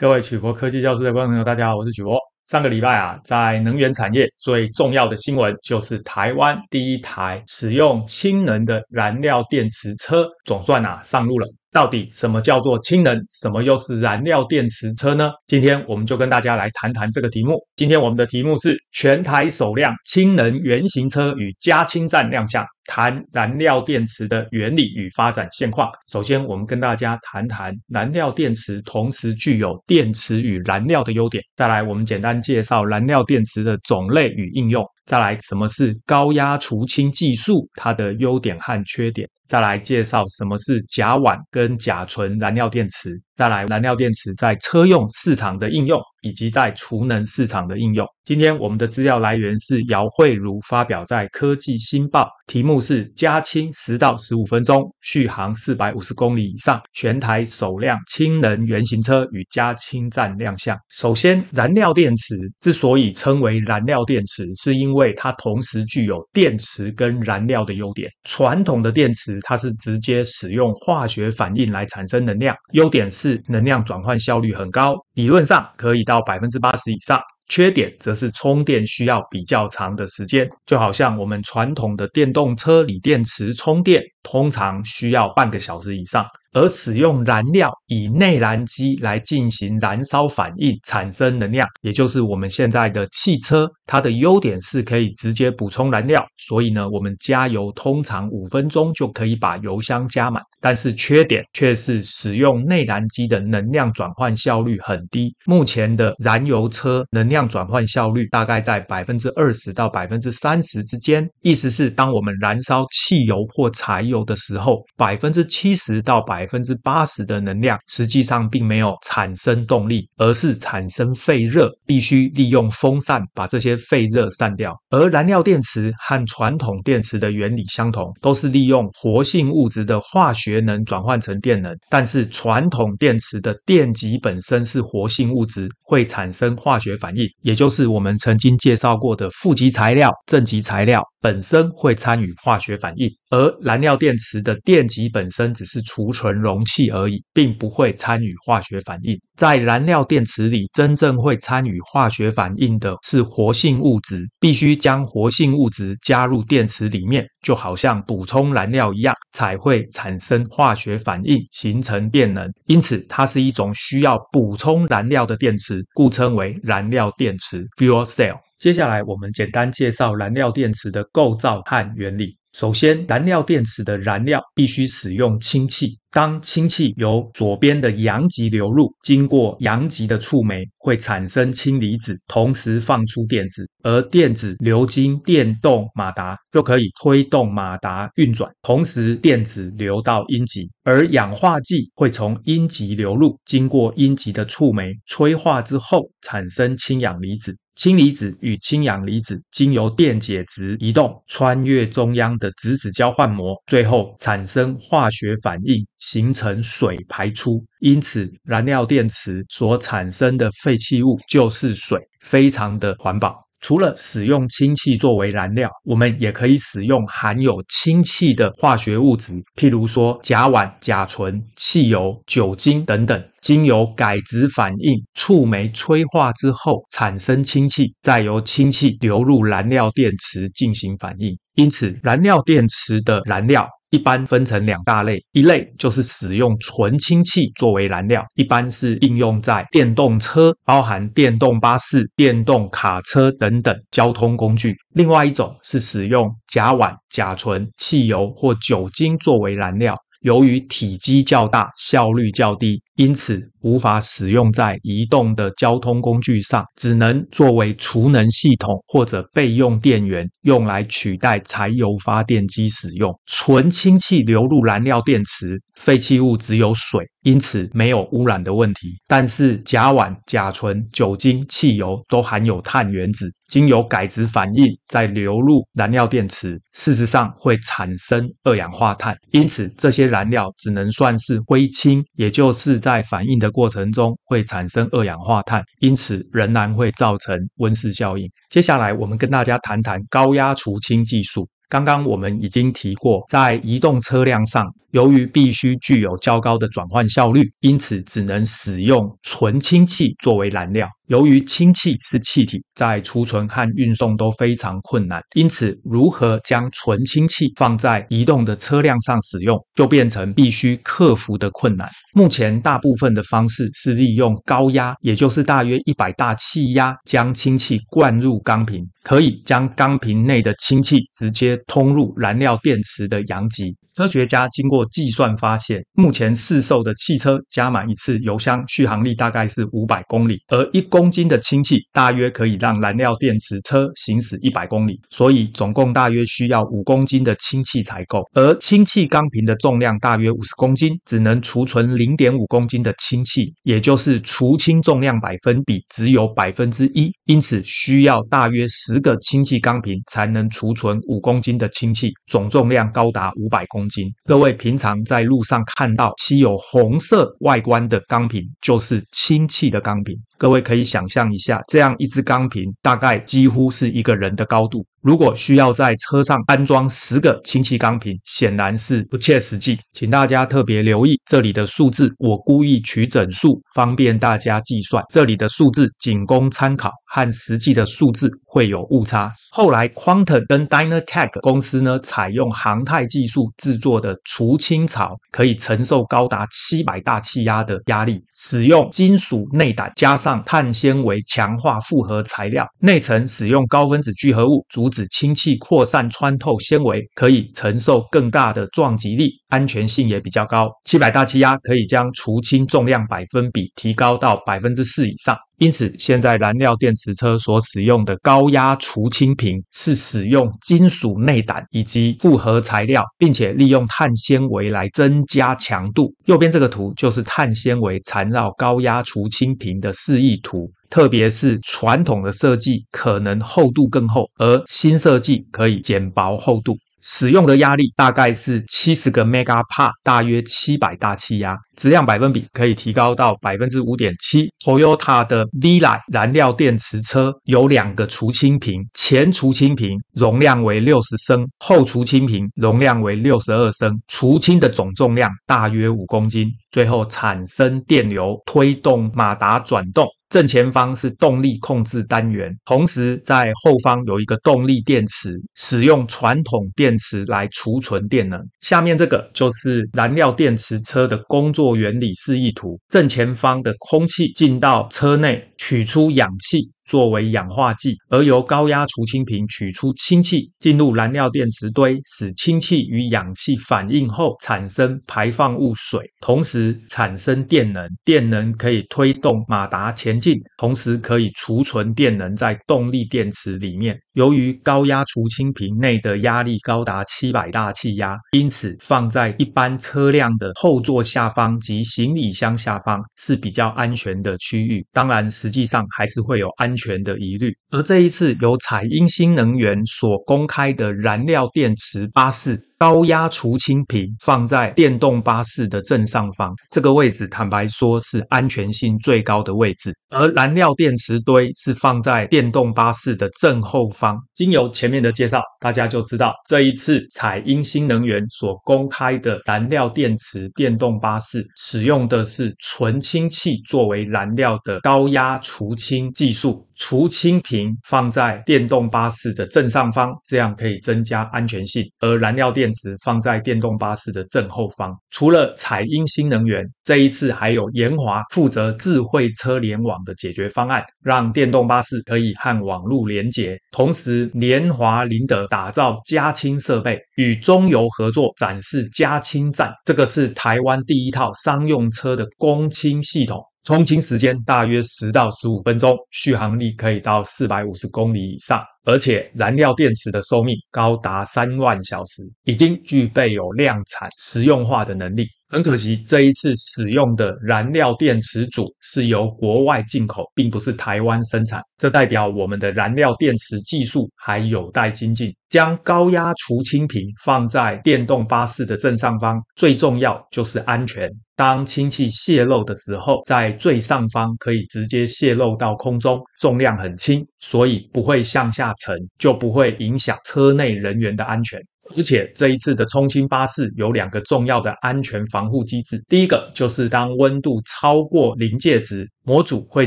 各位曲博科技教室的觀眾朋友，大家好，我是曲博。上個禮拜啊，在能源產業最重要的新聞，就是台灣第一台使用氫能的燃料電池車，總算啊上路了。到底什麼叫做氫能？什麼又是燃料電池車呢？今天我們就跟大家來談談這個題目。今天我們的題目是：全台首輛氫能原型車與加氫站亮相，談燃料電池的原理與發展現況。首先，我們跟大家談談燃料電池，同時具有電池與燃料的優點。再來，我們簡單介紹燃料電池的種類與應用。再來，什麼是高壓儲氫技術？它的優點和缺點。再來介紹什麼是甲烷跟甲醇燃料電池。再來，燃料電池在車用市場的應用。以及在儲能市場的應用。今天我們的資料來源是姚慧茹發表在《科技新報》，題目是“加氫十到十五分鐘，續航四百五十公里以上，全台首輛氫能原型車與加氫站亮相”。首先，燃料電池之所以稱為燃料電池，是因為它同時具有電池跟燃料的優點。傳統的電池，它是直接使用化學反應來產生能量，優點是能量轉換效率很高。理論上可以到百分之八十以上，缺點則是充電需要比較長的時間，就好像我們傳統的電動車鋰電池充電，通常需要半個小時以上。而使用燃料以內燃機來進行燃燒反應產生能量，也就是我們現在的汽車。它的優點是可以直接補充燃料，所以呢，我們加油通常五分鐘就可以把油箱加滿。但是缺點卻是使用內燃機的能量轉換效率很低。目前的燃油車能量轉換效率大概在百分之二十到百分之三十之間，意思是當我們燃燒汽油或柴油的時候70，百分之七十到百。百分之八十的能量實際上並沒有產生動力，而是產生廢熱，必須利用風扇把這些廢熱散掉。而燃料電池和傳統電池的原理相同，都是利用活性物質的化學能轉換成電能。但是傳統電池的電極本身是活性物質，會產生化學反應，也就是我們曾經介紹過的負極材料、正極材料本身會參與化學反應。而燃料電池的電極本身只是儲存。容器而已，並不會參與化學反應。在燃料電池裡，真正會參與化學反應的是活性物質，必須將活性物質加入電池裡面，就好像補充燃料一樣，才會產生化學反應，形成電能。因此，它是一種需要補充燃料的電池，故稱為燃料電池 Fuel Cell。接下來，我們簡單介紹燃料電池的構造和原理。首先，燃料電池的燃料必須使用氫氣。當氫氣由左邊的陽極流入，經過陽極的觸媒，會產生氫離子，同時放出電子。而電子流經電動馬達，就可以推動馬達運轉。同時，電子流到陰極，而氧化劑會從陰極流入，經過陰極的觸媒催化之後，產生氫氧離子。氫離子與氫氧離子經由電解質移動，穿越中央的質子交換膜，最後產生化學反應，形成水排出。因此，燃料電池所產生的廢棄物就是水，非常的環保。除了使用氫氣作為燃料，我們也可以使用含有氫氣的化學物質，譬如說甲烷、甲醇、汽油、酒精等等，經由改質反應、觸媒催化之後產生氫氣，再由氫氣流入燃料電池進行反應。因此，燃料電池的燃料。一般分成兩大類，一類就是使用純氫氣作為燃料，一般是應用在電動車，包含電動巴士、電動卡車等等交通工具。另外一種是使用甲烷、甲醇、汽油或酒精作為燃料，由於體積較大，效率較低。因此無法使用在移動的交通工具上，只能作為儲能系統或者備用電源，用來取代柴油發電機使用。純氫氣流入燃料電池，廢棄物只有水，因此沒有汙染的問題。但是甲烷、甲醇、酒精、汽油都含有碳原子，經由改質反應再流入燃料電池，事實上會產生二氧化碳。因此這些燃料只能算是灰氫，也就是在在反應的過程中會產生二氧化碳，因此仍然會造成溫室效應。接下來，我們跟大家談談高壓儲氫技術。剛剛我們已經提過，在移動車輛上，由於必須具有較高的轉換效率，因此只能使用純氫氣作為燃料。由於氫氣是氣體，在儲存和運送都非常困難，因此如何將純氫氣放在移動的車輛上使用，就變成必須克服的困難。目前大部分的方式是利用高壓，也就是大約一百大氣壓，將氫氣灌入鋼瓶，可以將鋼瓶內的氫氣直接通入燃料電池的陽極。科學家經過計算發現，目前市售的汽車加滿一次油箱，續航力大概是五百公里，而一公。公斤的氫氣大約可以讓燃料電池車行駛一百公里，所以總共大約需要五公斤的氫氣才夠。而氫氣鋼瓶的重量大約五十公斤，只能儲存零點五公斤的氫氣，也就是儲氫重量百分比只有百分之一。因此需要大約十個氫氣鋼瓶才能儲存五公斤的氫氣，總重量高達五百公斤。各位平常在路上看到漆有紅色外觀的鋼瓶，就是氫氣的鋼瓶。各位可以想象一下，這樣一支鋼瓶大概幾乎是一個人的高度。如果需要在車上安裝十個氫氣鋼瓶，顯然是不切實際。請大家特別留意這裡的數字，我故意取整數，方便大家計算。這裡的數字僅供參考，和實際的數字會有誤差。後來，Quantum 跟 DynaTech 公司呢，採用航太技術制作的儲氫槽，可以承受高達七百大氣壓的壓力，使用金屬內膽加上碳纖維強化複合材料，內層使用高分子聚合物，阻指氫氣擴散穿透纖維，可以承受更大的撞擊力，安全性也比較高。七百大氣壓可以將儲氫重量百分比提高到百分之四以上。因此，現在燃料電池車所使用的高壓儲氫瓶，是使用金屬內膽以及複合材料，並且利用碳纖維來增加強度。右邊這個圖就是碳纖維纏繞高壓儲氫瓶的示意圖。特別是傳統的設計可能厚度更厚，而新設計可以減薄厚度。使用的壓力大概是七十個兆帕，大約七百大氣壓，質量百分比可以提高到百分之五點七。Toyota 的 Vera 燃料電池車有兩個儲氫瓶，前儲氫瓶容量為六十升，後儲氫瓶容量為六十二升，儲氫的總重量大約五公斤。最後產生電流，推動馬達轉動。正前方是動力控制單元，同時在後方有一個動力電池，使用傳統電池來儲存電能。下面這個就是燃料電池車的工作原理示意圖。正前方的空氣進到車內，取出氧氣。作為氧化劑，而由高壓儲氫瓶取出氫氣，進入燃料電池堆，使氫氣與氧氣反應後產生排放物水，同時產生電能。電能可以推動馬達前進，同時可以儲存電能在動力電池裡面。由於高壓儲氫瓶內的壓力高達七百大氣壓，因此放在一般車輛的後座下方及行李箱下方是比較安全的區域。當然，實際上還是會有安全的疑慮，而這一次由彩英新能源所公開的燃料電池巴士高壓儲氫瓶放在電動巴士的正上方，這個位置坦白說是安全性最高的位置，而燃料電池堆是放在電動巴士的正後方。經由前面的介紹，大家就知道這一次彩英新能源所公開的燃料電池電動巴士使用的是純氫氣作為燃料的高壓儲氫技術。除氫瓶放在電動巴士的正上方，這樣可以增加安全性。而燃料電池放在電動巴士的正後方。除了彩鷹新能源，這一次還有研華負責智慧車聯網的解決方案，讓電動巴士可以和網絡連接。同時，聯華林德打造加氫設備，與中油合作展示加氫站。這個是台灣第一套商用車的供氫系統。充氫時間大約十到十五分鐘，續航力可以到四百五十公里以上，而且燃料電池的壽命高達三萬小時，已經具備有量產實用化的能力。很可惜，這一次使用的燃料電池組是由國外進口，並不是台灣生產。這代表我們的燃料電池技術還有待精進。將高壓儲氫瓶放在電動巴士的正上方，最重要就是安全。當氫氣洩漏的時候，在最上方可以直接洩漏到空中，重量很輕，所以不會向下沉，就不會影響車內人員的安全。而且這一次的充氫巴士有兩個重要的安全防護機制，第一個就是當溫度超過臨界值。模組會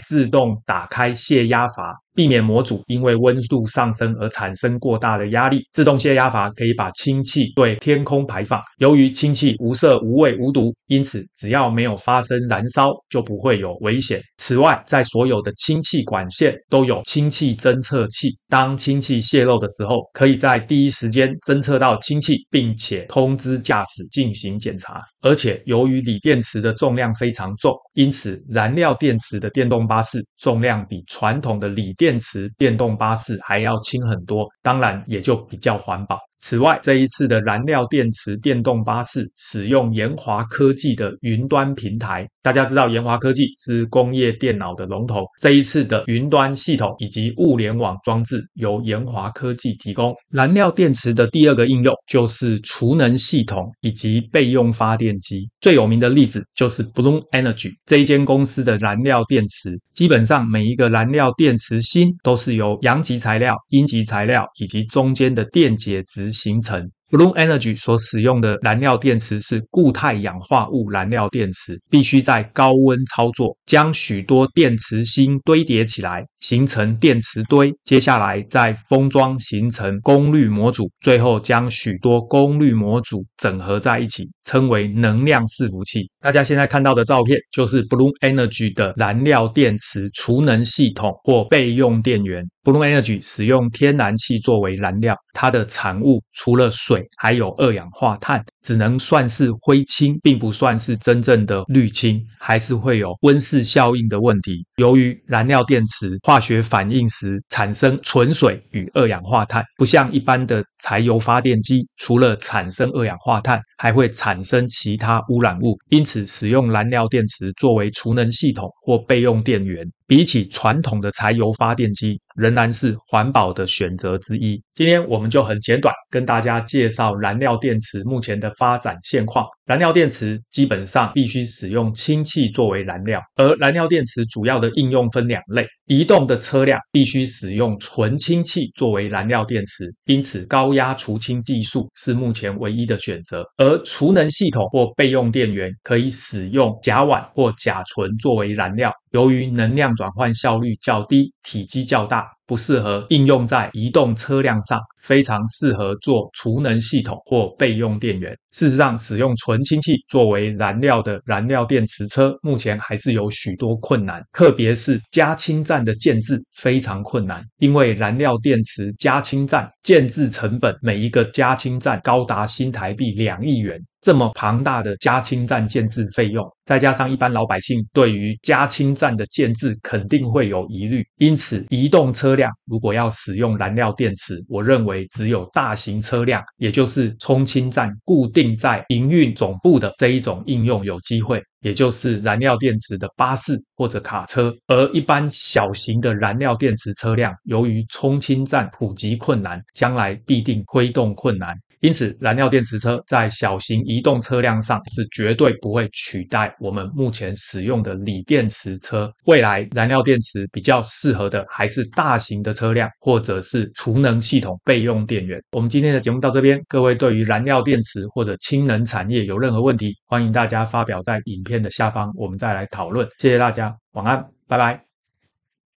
自動打開洩壓閥，避免模組因為溫度上升而產生過大的壓力。自動洩壓閥可以把氫氣對天空排放。由於氫氣無色、無味、無毒，因此只要沒有發生燃燒，就不會有危險。此外，在所有的氫氣管線都有氫氣偵測器，當氫氣洩漏的時候，可以在第一時間偵測到氫氣，並且通知駕駛進行檢查。而且，由於鋰電池的重量非常重，因此燃料電池。的電動巴士，重量比傳統的鋰電池電動巴士還要輕很多，當然也就比較環保。此外，這一次的燃料電池電動巴士使用研華科技的雲端平台。大家知道，研華科技是工業電腦的龍頭。這一次的雲端系統以及物聯網裝置由研華科技提供。燃料電池的第二個應用就是儲能系統以及備用發電機。最有名的例子就是 Bloom Energy 這一間公司的燃料電池。基本上，每一個燃料電池芯都是由陽極材料、陰極材料以及中間的電解質。形成。Bloom Energy 所使用的燃料電池是固態氧化物燃料電池，必須在高溫操作，將許多電池芯堆疊起來，形成電池堆，接下來再封裝形成功率模組，最後將許多功率模組整合在一起，稱為能量伺服器。大家現在看到的照片就是 Bloom Energy 的燃料電池儲能系統或備用電源。Bloom Energy 使用天然氣作為燃料，它的產物除了水還有二氧化碳，只能算是灰氫，並不算是真正的綠氫，還是會有溫室效應的問題。由於燃料電池，化學反應時產生純水與二氧化碳，不像一般的柴油發電機除了產生二氧化碳，還會產生其他污染物，因此使用燃料電池作為儲能系統或備用電源，比起傳統的柴油發電機，仍然是環保的選擇之一。今天我們就很簡短跟大家介紹燃料電池目前的發展現況。燃料電池基本上必須使用氫氣作為燃料，而燃料電池主要的應用分兩類：移動的車輛必須使用純氫氣作為燃料電池，因此高。高壓儲氫技術是目前唯一的選擇，而儲能系統或備用電源可以使用甲烷或甲醇作為燃料。由於能量轉換效率較低、體積較大，不適合應用在移動車輛上，非常適合做儲能系統或備用電源。事實上，使用純氫氣作為燃料的燃料電池車，目前還是有許多困難，特別是加氫站的建置非常困難，因為燃料電池加氫站建置成本，每一個加氫站高達新台幣兩億元，這麼龐大的加氫站建置費用，再加上一般老百姓對於加氫站的建置肯定會有疑慮，因此，移動車輛如果要使用燃料電池，我認為只有大型車輛，也就是充氫站固定，並在營運總部的這一種應用有機會，也就是燃料電池的巴士或者卡車，而一般小型的燃料電池車輛，由於充氫站普及困難，將來必定推動困難。因此，燃料電池車在小型移動車輛上是絕對不會取代我們目前使用的鋰電池車。未來，燃料電池比較適合的還是大型的車輛或者是儲能系統備用電源。我們今天的節目到這邊，各位對於燃料電池或者氫能產業有任何問題，歡迎大家發表在影片的下方，我們再來討論。謝謝大家，晚安，拜拜。